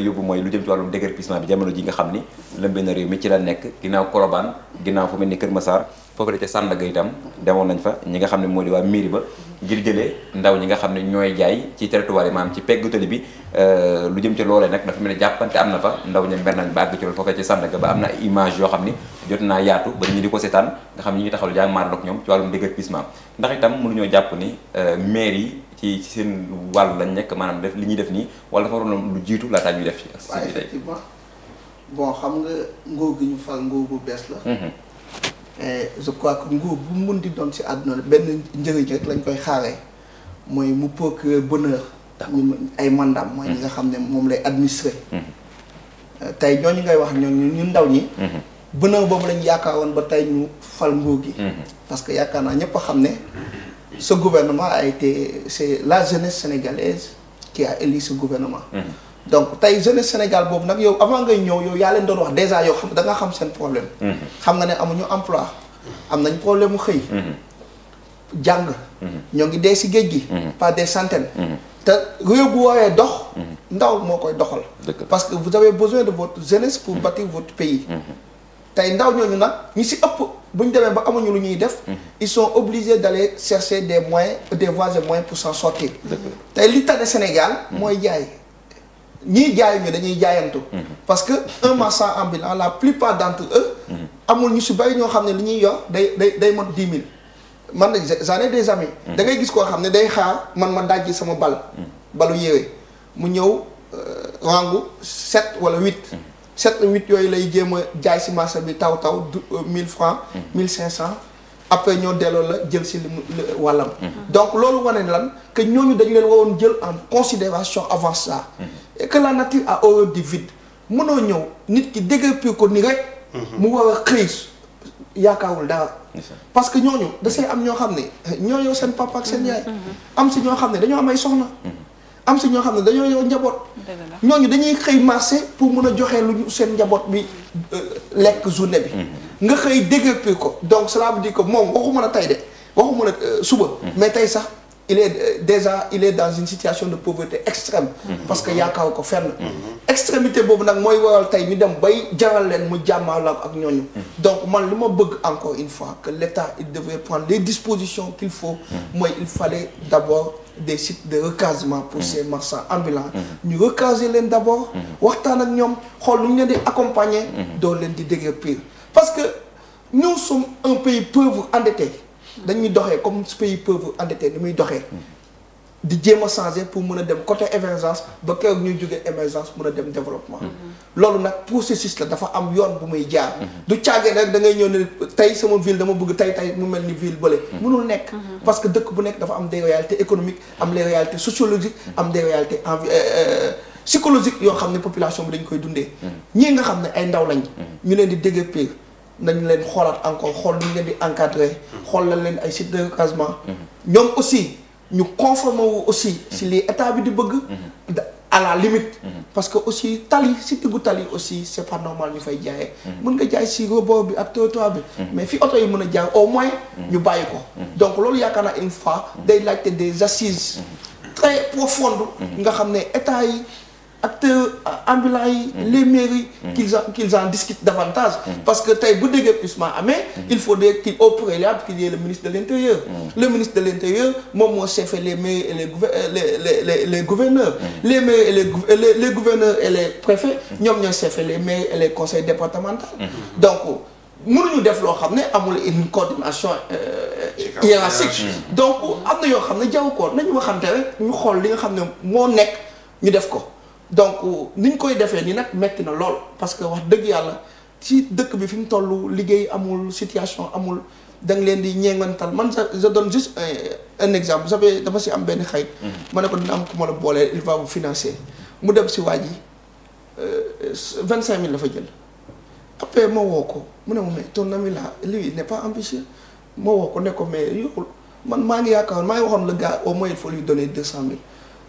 yóbbu mooy lu jëm ci wàllum déguerpissement bi jamono ji nga xam ni lëmbee na réew mi ci la nekk ginnaaw Colobane ginnaaw fu mel ni Kër Massar foofu la ca Sandaga itam demoon nañ fa ñi nga xam ne moo di waa mairie ba ngir jëlee ndaw ñi nga xam ne ñooy jaay ci territoire yi maanaam ci peggu tali bi euh, lu jëm ci loolee nag dafa mel ni jàppante am na fa ndaw ña mer nañ ba àgg ci loolu foofu ca Sandaga ba am na image yoo xam ni jot naa yaatu ba ñu di ko seetaan nga xam ne ñu ngi taxaw jaa maarloog ñoom ci wàllum déguerpissement ndax itam mënuñoo jàpp ni euh, maire yi ci seen wàll lañ nekk maanaam def li ñuy def nii wala dafa waroon lu jiitu laataa ñuy def ci waaw effectivement bon xam nga nguur gi ñu fal nguur bu bees la mm-hmm. je crois que nguur bu mun di doon si àdduna benn njëriñ rek lañ koy xaaree mooy mu procure bonheur ñu ay mandam mooy nga mm-hmm. xam ne moom lay administrer mm-hmm. euh, tey ñooñu ngay wax ñooñu ñun ndaw ñi bonheur boobu lañ yaakaaroon ba tey ñu fal nguur gi parce que yaakaar naa ñëpp a xam ne ce gouvernement a été c'est la jeunesse sénégalaise ki a élu ce gouvernement. Mhm. donc tey jeunesse Sénégal boobu nag yow avant ngay ñëw yow yaa leen doon wax déjà yow xam da nga xam seen problème. Mhm. xam nga ne amuñu emploi. am nañ problème mu xëy. Mhm. jàng. ñoo ngi dee si géej gi. par des centaines. te réew bu waree dox. ndaw moo koy doxal. parce que vous avez besoin de votre jeunesse pour bâtir votre pays. tey ndaw ñooñu nag ñu si ëpp bu ñu demee ba amuñu lu ñuy def. Mhm. ils sont obligés d'aller chercher des moyens des voies et moyens pour s'en sortir. tey li tane Sénégal. Mhm. mooy jaay ñiy jaayuñu dañuy jaayantu. Mhm. parce que un marchand ambulant la plupart d'entre eux. amul ñu si bari ñoo xam ne li ñuy yor day day day mot dix mille. man de j'en des amis. da ngay gis koo xam ne day xaar man ma dajji sama bal. balu yéwee mu ñëw euh, rangu sept wala huit. 7 8 yooyu lay jéem a jaay si marché bi taw taw du 1000 euh, francs 1500 mm. après ñoo delloo la jël si li wàllam mm. donc loolu wane lan que ñooñu dañu leen waroon jël en considération avant ça mm. et que la a horreur du vide mënoo ñëw nit ki déguerpi ko nii rek mm-hmm. mu war a xëy yaakaarul daal parce que ñooñu da say am ñoo xam ne ñoo yow seen papa ak seen yaay mm-hmm. am si ñoo xam ne dañoo am ay soxna mm-hmm. am si ñoo xam ne dañoo yow njaboot. ñooñu dañuy xëy marché pour mun a joxe lu seen njaboot bi euh, lekk journée bi. Mhm. nga xëy déguerpi ko donc cela veut dire que moom waxuma a tey de waxuma a euh, suba. Mhm. mais tey sax. il est euh, déjà il est dans une situation de pauvreté extrême mhm. parce que yaakaar ko fenn mhm. extrémité boobu nag mooy waral tey mu dem bay jaral leen mu jàmmaarloo ak ñooñu mhm. donc man lu ma bëgg encore une fois que l'État il devrait prendre les dispositions qu'il faut mooy il fallait d'abord des sites de recasement pour ces marchands ambulants ñu recaser leen d'abord waxtaan ak ñoom xool lu ñu leen di accompagner doo leen di déguerpir parce que nous sommes un pays pauvre endetté dañuy doxee comme su pays pauvre endetté ni muy doxee di jéem a changé pour mën a dem côté émergence ba keroog ñuy jógee émergence mun a dem développement mm-hmm. loolu nag processus la dafa am yoon bu muy jaar mm-hmm. du caagee rek da ngay ñëw ne tey sama ville dama bëgg tey tey mu mel ni ville bële mënul mm-hmm. nekk parce que dëkk bu nekk dafa am des réalités économiques am les réalités sociologiques am des réalités envi euh, euh, psychologiques yoo xam ne population bi dañ koy dundee ñii nga xam ne ay ndaw lañ ñu leen di déguerpir nañ leen xoolaat encore xool nañ leen di encadrer. xool la leen ay sites de recasement. ñoom aussi ñu conformer wu aussi si lii état bi di bëgg. da mhm. la limite. Mhm. parce que aussi tali si diggu tali aussi c' est pas normal ñu fay jaayee. Mhm. mën nga jaay si rebord bi ak tois bi. mais fi oto yi mën a jaar au moins. ñu bàyyi ko. donc loolu yaakaar naa une day laajte des assises. très profondes. nga xam ne état yi. acteurs euh, ambulants yi. Mm-hmm. les mairies. Mm-hmm. qu'ils en qu'ils en discutent davantage. Mm-hmm. parce que tey bu déguerpissement amee. il faudrait qu'il au préalable qu'il y le ministre de l'intérieur. le ministre de l'intérieur moom moo chefé les mairies et le gouver le les le gouverneurs. les mairies et les les les le euh, et les préfets. ñoom ñoo chefé les mairies et les conseils départementaux. donc mënuñu def loo xam ne amul une coordination. Euh, hiérarchique donc am na yoo xam ne jaww ko nañu waxante ñu xool li nga xam ne moo nekk ñu def ko. donc ni ñu koy defee nii nag metti na lool parce que wax dëgg yàlla ci dëkk bi fi mu toll liggéey amul situation amul da leen di ñeengantal man sa sa donne juste un exemple vous savez dama si am benn xayit mm-hmm. ma ne ko dina am ku ma la boolee il va vous mu dem si waa ji euh, vingt cinq mille la fa jël après ma woo ko mu ne ma mais ton ami là pas ambitieux ma woo ko ne ko mais yow man maa ngi yaakaar maa ngi waxoon le gars au moins il faut lui donner deux cent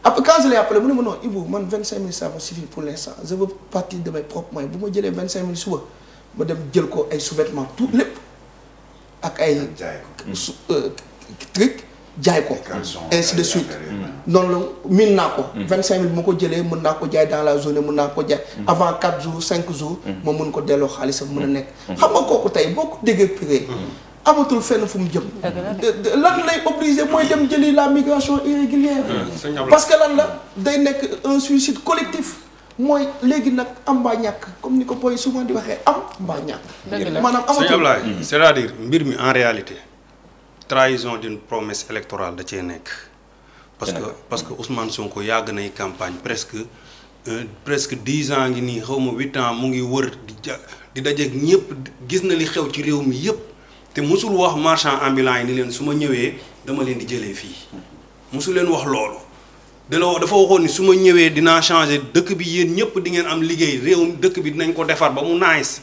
après quand je l'ai appelé mu ne ma non Ibou man 25000 ça me suffit pour l'instant je veux partir de mes propres moyens bu ma jëlee 25000 suba ma dem jël ko ay sous tout lépp ak ay. jaay ko su euh, truc jaay ko. ainsi de suite. noonu la miin naa ko. 25000 mm. ma ko jëlee mën naa ko jaay dans la journée mun naa ko jaay. Mm. avant 4 jours 5 jours. Mm. ma mën ko delloo xaalisam mën a nekk. xam nga kooku tey boo ko déggee amatul fenn fu mu jëm. lan lay obligé mooy dem jëli la migration irrégulière. Hmm, parce que lan la day nekk un suicide collectif. mooy léegi nag am mbaa ñàkk comme ni ko booy souvent di waxee am mbaa ñàkk. maanaam amatul sëñ Ablaye c'est-à-dire mbir mi en réalité trahison d'une promesse électorale da cee nekk. parce que parce que Ousmane Sonko yàgg nay campagne presque euh, presque dix ans ngi nii xaw ma huit ans mu ngi wër di ja di dajeeg ñëpp gis na li xew ci réew mi yëpp. te mosul wax marchand ambulant yi ni leen su ma ñëwee dama leen di jëlee fii mosul leen wax loolu dala dafa waxoon ni su ma ñëwee dinaa changer dëkk bi yéen ñëpp di ngeen am liggéey réew dëkk bi dinañ ko defar ba mu nice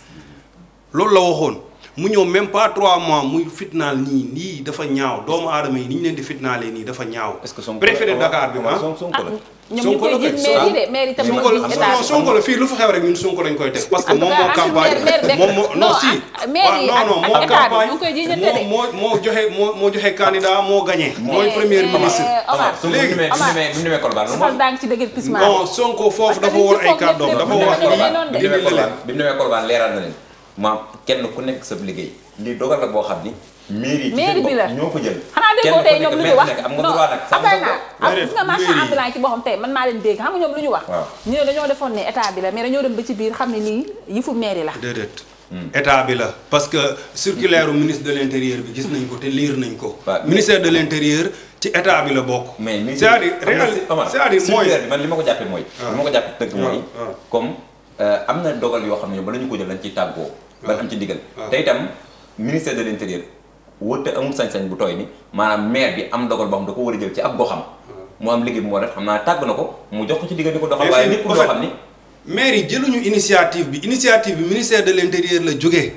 loolu la waxoon mu ñëw même pas trois mois muy fitnaal ñii nii dafa ñaaw doomu aadama yi ni ñu leen di fitnaalee nii dafa ñaaw préféré Dakar bi ma ñoom ñu koy la fii lu fa xew rek ñun Sonko lañ koy teg parce que moom moo campagne moom moo non moo campagne moo moo joxe moo moo joxe candidat moo gagné mooy premier ministre léegi sal daang ci dëgër pisma non Sonko foofu dafa war ay kàddoom dafa war bi mu demee kenn ku nekk sa liggéey lii dogal la boo xam ni. mairie bi la ñoo ko jël. xanaa déggoo tey ñoom lu ñu wax am nga droit nag. am nga marché ambulant ci boppam tey leen dégg xam nga ñoom ñu wax. ñu ne dañoo defoon ne état bi la mais dañoo dem ba ci biir xam ne nii yëfu mairie hmm. bi la parce que circulaire ministre de l' intérieur bi gis nañ ko te liir nañ ko. ministère de l' intérieur ci état bi la bokk. mais c' est à dire c' est mooy man li ma ko jàppee mooy. Ah. li ma ko jàppee dëgg ah. mooy. Ah. comme euh, am na dogal yoo xam ne bala ñu ko jël dañ ciy tàggoo. ba am ci ndigal te itam ministère de l' intérieur wërte amul sañ-sañ bu tooy ni maanaam maire bi am dogal boo xam da ko war a jël ci ab goxam mu am liggéey bu moo def xam naa tàgg na ko mu jox ko ci diggante ko doxal waaye lépp loo xam ni maire yi jëluñu initiative bi initiative bi ministère de l' intérieur la jógee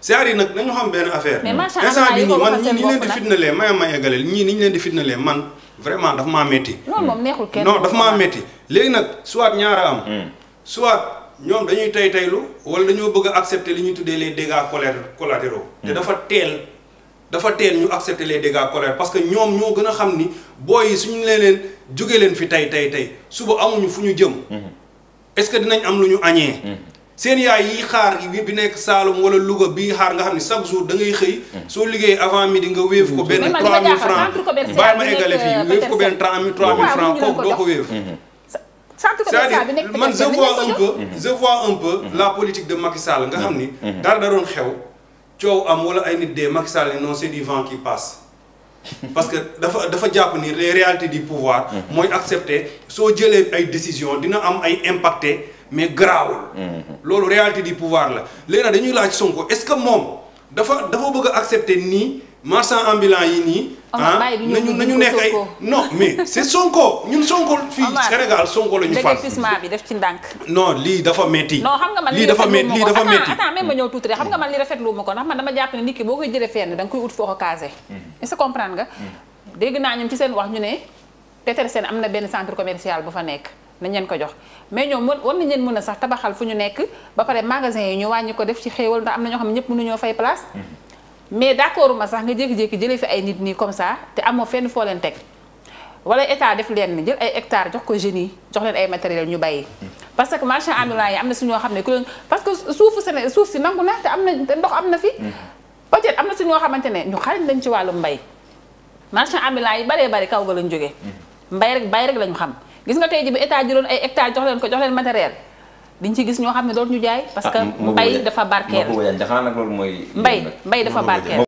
c'est-à-dire nag nañu xam benn affaire instant bi nii man ñii ni ñu leen di fitnalee may ma eggaleel ñii ni ñu leen di fitnalee man vraiment dafa maa métti non dafa maa léegi nag soit ñaara am hmm. soit ñoom dañuy tay taylu wala dañoo bëgg a li ñuy tuddee les dégâts collatéraux hmm. te dafa teel dafa teel ñu accepter les dégâts collatéraux parce que ñoom ñoo gën a xam ni booy yi suñu leen leen jóge leen fi tay tay tay suba amuñu fu ñu jëm hmm. est-ce que dinañ am lu ñu añee hmm. seen yaay yi xaar bi nekk Saalum wala Louga bi xaar nga xam ne chaque jour da ngay xëy soo liggéey avant midi nga wéef ko benn 3000 francs bàyyi ma eggale fii euh, wéef ko benn 3000 francs cest à man je vois un peu je vois un peu mm-hmm. la politique de Macky Sall nga xam ni mm-hmm. dara da doon xew coow am wala ay nit dee Macky Sall ni non c'est du vent qui parce que dafa dafa jàpp ni les réalités du pouvoir mm-hmm. mooy accepter soo jëlee ay décision dina am ay impacté mais garaawul loolu réalité du pouvoir la léegi dañuy laaj Sonko est-ce que moom dafa dafa bëgg a accepter nii marchand ambulant yi nii. ah nañu nañu nekk ay non mais c' Sonko ñun Sonko fii Sénégal Sonko la ñu fal. bi def ci ndànk. non lii xam nga man lii dafa metti ñëw tuuti rek xam nga man lii rafetlu ko ndax man dama jàpp ne nit ki boo koy jëlee fenn da mm. nga mm. naa ñoom ci seen wax ñu ne seen am na benn centre commercial bu fa nekk. nañ leen ko jox mais ñoom war na leen mën a sax tabaxal fu ñu nekk ba pare magasin yi ñu wàññi ko def ci xéewal ndax am na ñoo xam ne ñëpp ñoo fay place mm. mais d'accord ma sax nga jékki-jékki jëlee fi ay nit nii comme ça te amoo fenn foo leen teg wala état def leen jël ay hectares jox ko jeunes yi jox leen ay matériel ñu bàyyi. parce que marchands mm. ambulants yi am na si ñoo xam ne ku parce que suufu Sénégal suuf si nangu na am na ndox am na fi. Mm. peut-être am na si ñoo xamante ne ñu xarañ lañ ci wàllu mbay. marchands ambulants yi baree bari kaw ga lañ jóge mm. mbay rek bay rek lañu xam gis nga tey ji bu état jëloon ay hectares jox leen ko jox leen matériel. diñ ci gis ñoo xam ne ñu jaay. parce ah, que mbay dafa barkeel. mbay mbay dafa barkeel.